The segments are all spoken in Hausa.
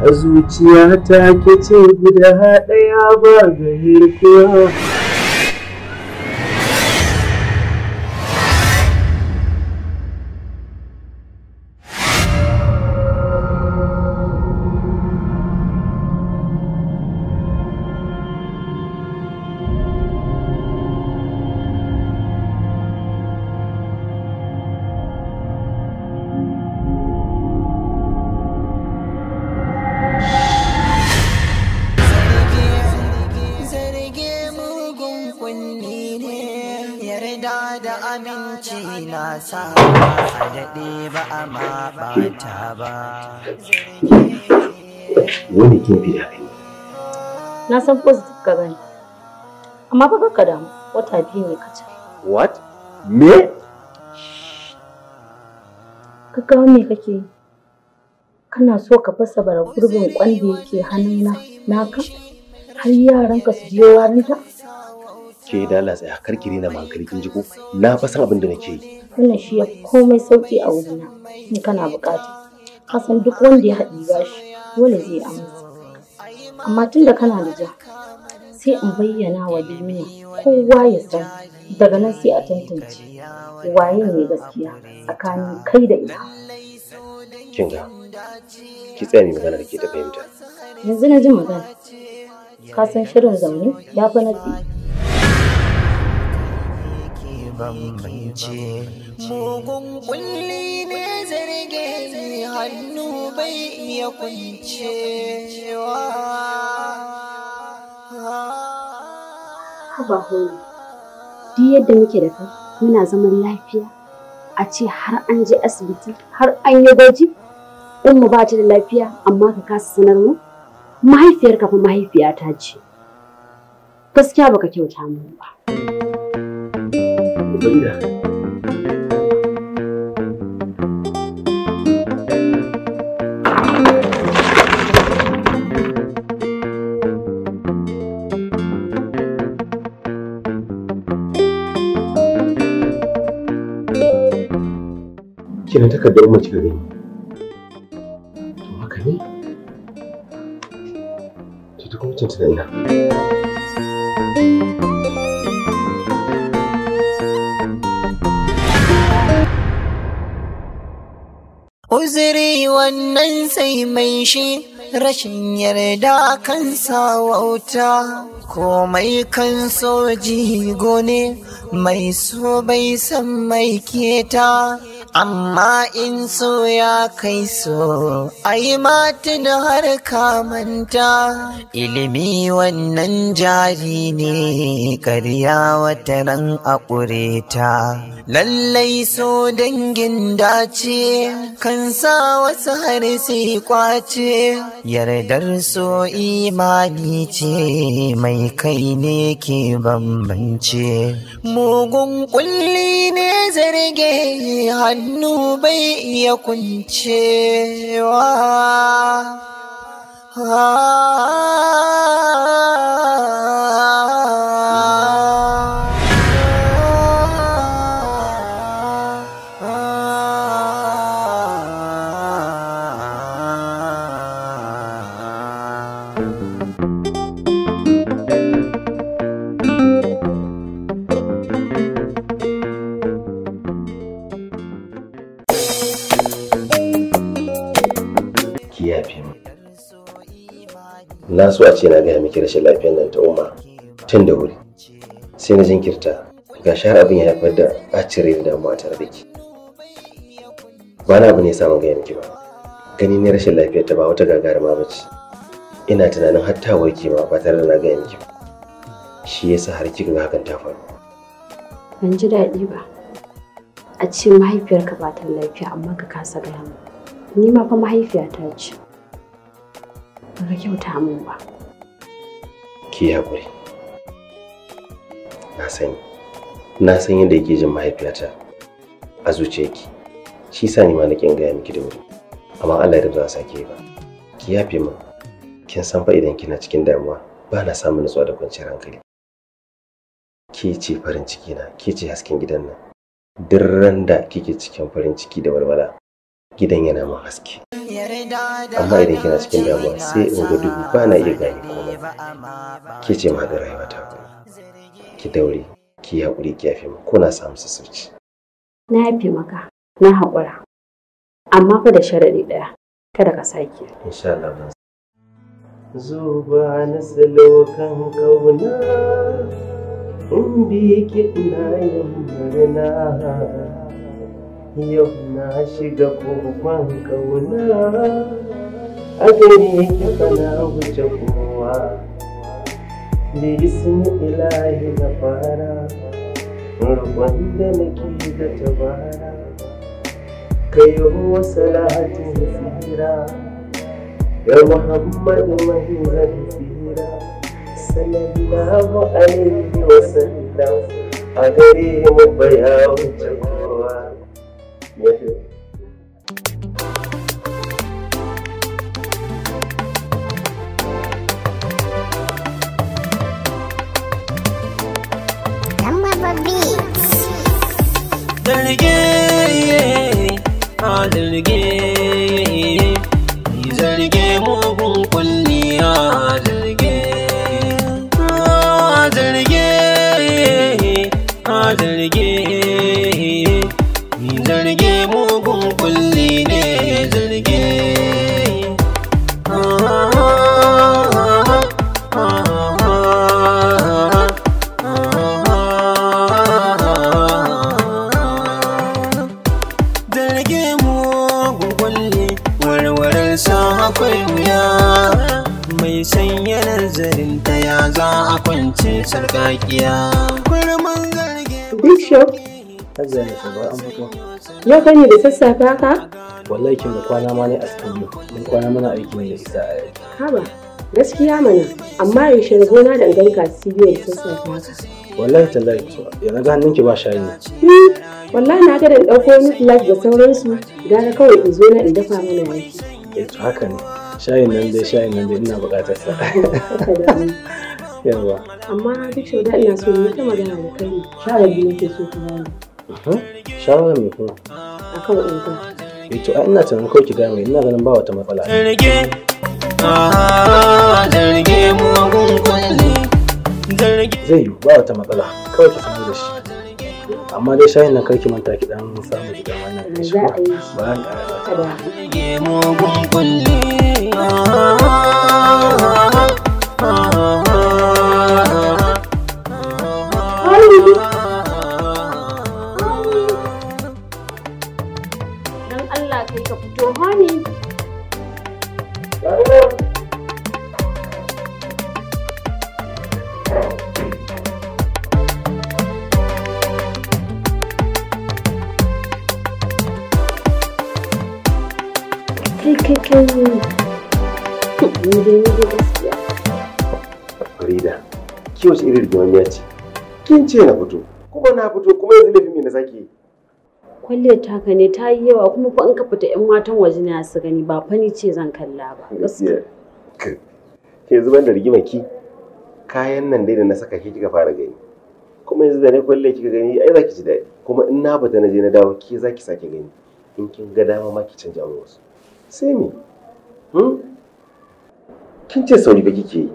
a zuciya ta ke ce guda ɗaya ba ga aminci na sa a daɗe ba a ma ba. Wani ke fi daɗi. Na san positive ka gani. Amma ba ka damu wata biyu ne kaca. What? Me? Ka kawo me kake yi? Kana so ka fasa bara gurbin kwan da yake hannuna naka? Har yaranka su je ta? ke da Allah tsaya kar ki rena hankali kin ji ko na fa san abin da nake yi wannan shi ya komai sauki a wurina in kana bukata ka san duk wanda ya haɗi shi, dole zai amsa amma tunda kana da ja sai in bayyana wa duniya kowa ya san daga nan sai a tantance waye ne gaskiya tsakanin kai da ita kin ga ki tsaya ni magana da ke ta fahimta yanzu na ji magana ka san shirin zaune ya fa na bambance mugun kulli ne zarge ni hannu bai iya kuncewa haba hulu duk yadda muke da kai muna zaman lafiya a ce har an je asibiti har an yi gwaji mu ba ta da lafiya amma ka kasa sanar mu mahaifiyarka fa mahaifiyata ce gaskiya baka kyauta mu ba Binda. Kina takardar mace gare ni. To haka ne? to ta kuma cin ina. uzuri wannan sai mai shi rashin yarda kan wauta komai kan soji gone mai so bai san mai keta amma in so ya kai so ai matin har kamanta ilimi wannan jari ne karya wata ran a ta lallai so dangin dace kan sa wasu har sai kwace yardar so imani ce mai kai ne ke bambance mugun kulli ne zarge hannu hannu bai iya kuncewa. Ah. lafiya na so a ce na gaya miki rashin lafiyan nan ta umma tun da wuri sai na jinkirta ga shahar abin ya haifar da ɓacin da damuwa tare da ki ba na abu ne samun gaya miki ba gani ne rashin lafiyar ta ba wata gagarima ba ce ina tunanin har ta warke ma ba tare da na gaya miki ba shi yasa har kika ga hakan ta faru ban ji daɗi ba a ce mahaifiyarka ba ta lafiya amma ka kasa gaya ni ma fa mahaifiyata ce ba ka kyauta min ba ki na sani na san yadda yake jin mahaifiyata a zuciyarki shi sa ni ma na kin gaya miki da wuri amma Allah ya za a sake ba ki yafe min kin san fa idan kina cikin damuwa ba na samun nutsuwa da kwanciyar hankali ke ce farin ciki na ke ce hasken gidan nan duk ran da kike cikin farin ciki da walwala gidan yana min haske amma idan kina cikin damuwa sai in ga dubu ba na iya gane komai ke ce ma da rayuwa rayuwata ki daure ki haƙuri ki yafe ko na samu sassauci na yafe maka na haƙura amma fa da sharaɗi ɗaya kada ka sake insha Allah ban zuba na salo kan kauna in bi ki ina yin murna yau na shiga kokon kauna a gari kika na wuce kowa bisin ilahi na fara rukun da nake da tabara kayo salatin tsira ya muhammadu mahimman tsira sallallahu alaihi wasallam a gare mu bayan wuce kowa Yes, Yau ka ne da sassafe ka? Wallahi kin kwana ma ne a studio. Mun kwana muna aiki ne da isa a yau. Haba, gaskiya mana, amma yaushe rabo na da ka studio da sassafe haka. Wallahi tallahi yana ga hannun ki ba shayi. Hmm, wallahi na ga da dauko miki life da sauransu, gara kawai in zo na in dafa mana wani. Eh to haka ne. Shayin nan dai shayin nan dai ina buƙatar sa. Yawa. Amma duk shauda ina so ne ta magana da kai. Sha biyu nake so ka bani. Shawarar mai kuma? Akan kuma. Eh ina tunanin kawai ki gane ina ganin ba wata matsala. Zarge, zarge mu Zai yiwu ba wata matsala kawai ki samu da shi. Amma dai shayin nan karki manta ki dan samu ki dan wannan shi. Ba za a yi. Zarge mu don Allah kai ka fito honey kai kai kai Farida ki irin ce kin ce na fito kuma na fito kuma yanzu laifin me na zaki. kwalliyar taka ne ta yi yawa kuma fa in ka fita yan matan waje na su gani ba fani ce zan kalla ba ke zuban da rigima ki kayan nan dai da na saka ki kika fara gani kuma yanzu da ne kwalle kika gani ai zaki ji daɗi kuma in na fita na je na dawo ke zaki sake gani in kin ga dama ma ki canja mu wasu sai me hmm? kin ce sauri ba kike yi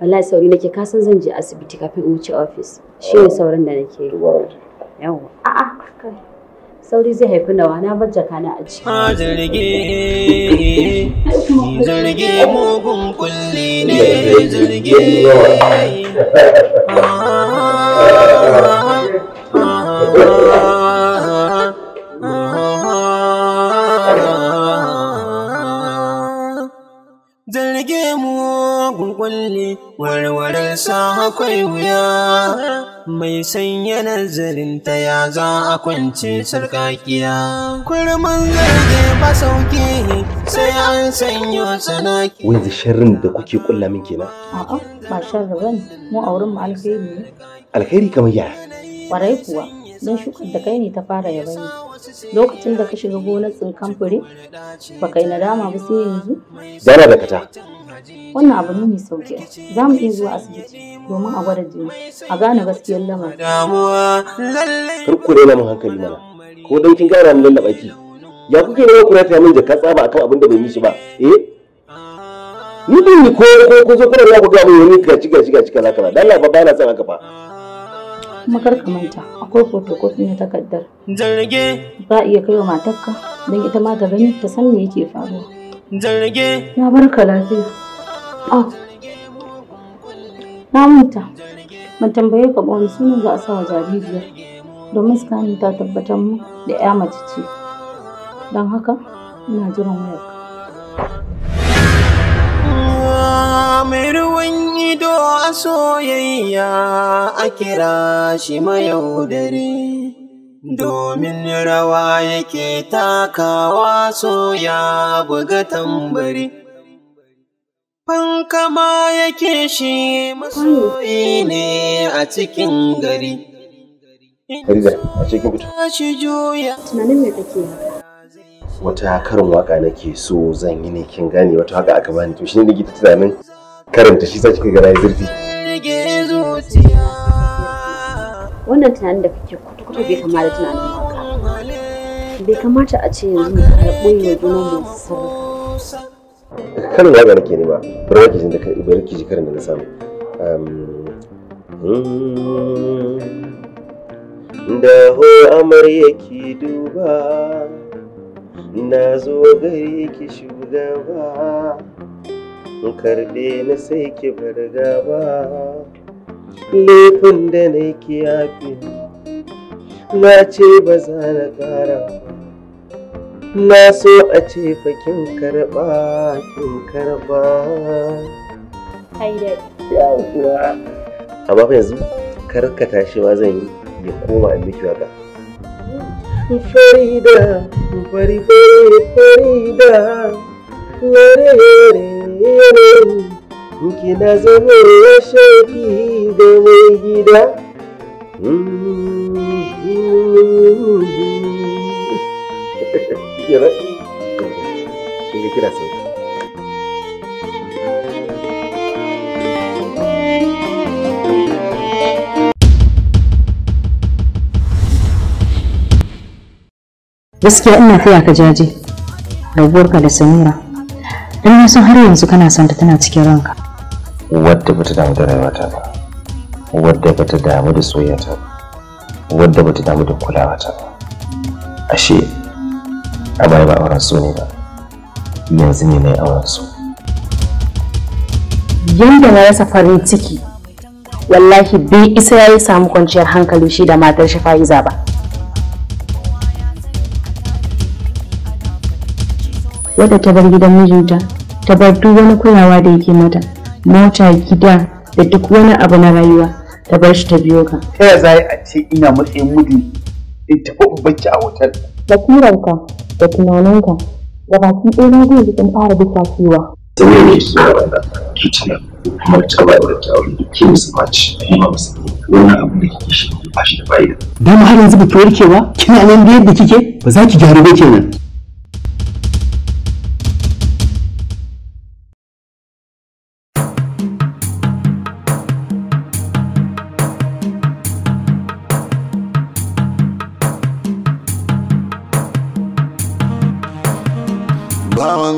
wallahi sauri nake kasan zan je asibiti kafin in wuce office shi ne ah. sauran da nake yi Yawwa. A'a kai. Sauri zai haifi nawa na bar jaka na aji. Ha zarge zarge mugun kulli ne zarge. Zarge mugun kulli warwarar sa akwai wuya. mai sanya nazarinta ya za a kwance sarkakiya kurman zarge ba sauki sai an sanyo sanaki wai sharrin da kuke kulla min kenan a'a ba sharri bane mu auren mu alkhairi ne alkhairi kamar yaya Ƙwarai kuwa don shukar da kai ne ta fara yabanya lokacin da ka shiga gonar tsinkan fure ba kai nadama ba sai yanzu dana da kata Wannan abu ne mai sauki. Za mu iya zuwa asibiti domin a gwada jini, a gane gaskiyar lamarin. Kar ku mun hankali mana. Ko dan kin gara min lallaba ki. Ya kuke ne ku rata min jaka tsaba akan abin da bai yi shi ba. Eh? Ni din ni ko ko ko zo kuma ya ku ga mun wani gaci gaci ka kaza Dan Allah ba na son haka fa. Kuma kar ka manta akwai fotokofi na takardar. Zarge. Za iya kai wa matarka don ita ma ta gani ta san me yake faruwa. Zarge. Na barka lafiya. Ah, na manta ban tambaye ka ba sunan za a sa wa jaririya domin scanning ta tabbatar mu da ya mace ce don haka ina jiran wayar mai ruwan ido a soyayya a kira shi mayaudari, domin rawa yake takawa so ya buga tambari Fankama yake shi masoyi ne a cikin gari. Farida, a cikin fito. Tunanin me kake Wata karin waka nake so zan yi ne kin gane wata waka aka bani to shi ne nake ta tunanin karanta shi sai kika ga rayu zurfi. Wannan tunanin da kake kwata-kwata bai kama da tunanin waka. Bai kamata a ce yanzu mu karɓo yau juna mai sarrafa. karin waga ke nema bari wake jin da bari ki ji karin da na samu mm, da ho amarya ki duba na zo gari ki shugaba karɓe na sai ki bar gaba laifin da na ki yafi na ce ba za na ƙara ba na so a ce fa kin karba kin karba haidai kuwa. amma fa yanzu karkata shi ma zan yi ya koma in miki waka Farida, fari fari Farida, lare lare na zama shaki da mai gida. Mm -hmm. iya raɗi kin kira sauka gaskiya ina taya ka jaje rabuwarka da samira don na har yanzu kana son ta tana cikin ranka wadda bata damu da rayuwata ba wadda bata damu da soyayyata ba wadda bata damu da kulawata ba ashe a baya ba auren su ne ba yanzu ne na yi auren su yadda na rasa farin ciki wallahi bai isa ya yi samu kwanciyar hankali shi da matar shi fa'iza ba wadda ta bar gidan mijinta ta bar duk wani kulawa da yake mata mota gida da duk wani abu na rayuwa ta bar shi ta biyo ka ta ya za a ce ina matsayin mudu in taɓa bacci a wutar da kuranka da tunaninka da baki ɗaya zai yi kan fara bisa cewa. Ta ne ne su wanda ke kitna kuma ta ba da kyawun da ke musu maci kuma musu wannan abin da kike shi ba shi da fa'ida. Dama har yanzu ba ke warkewa kina nan da yadda kike ba za ki gyaru ba kenan.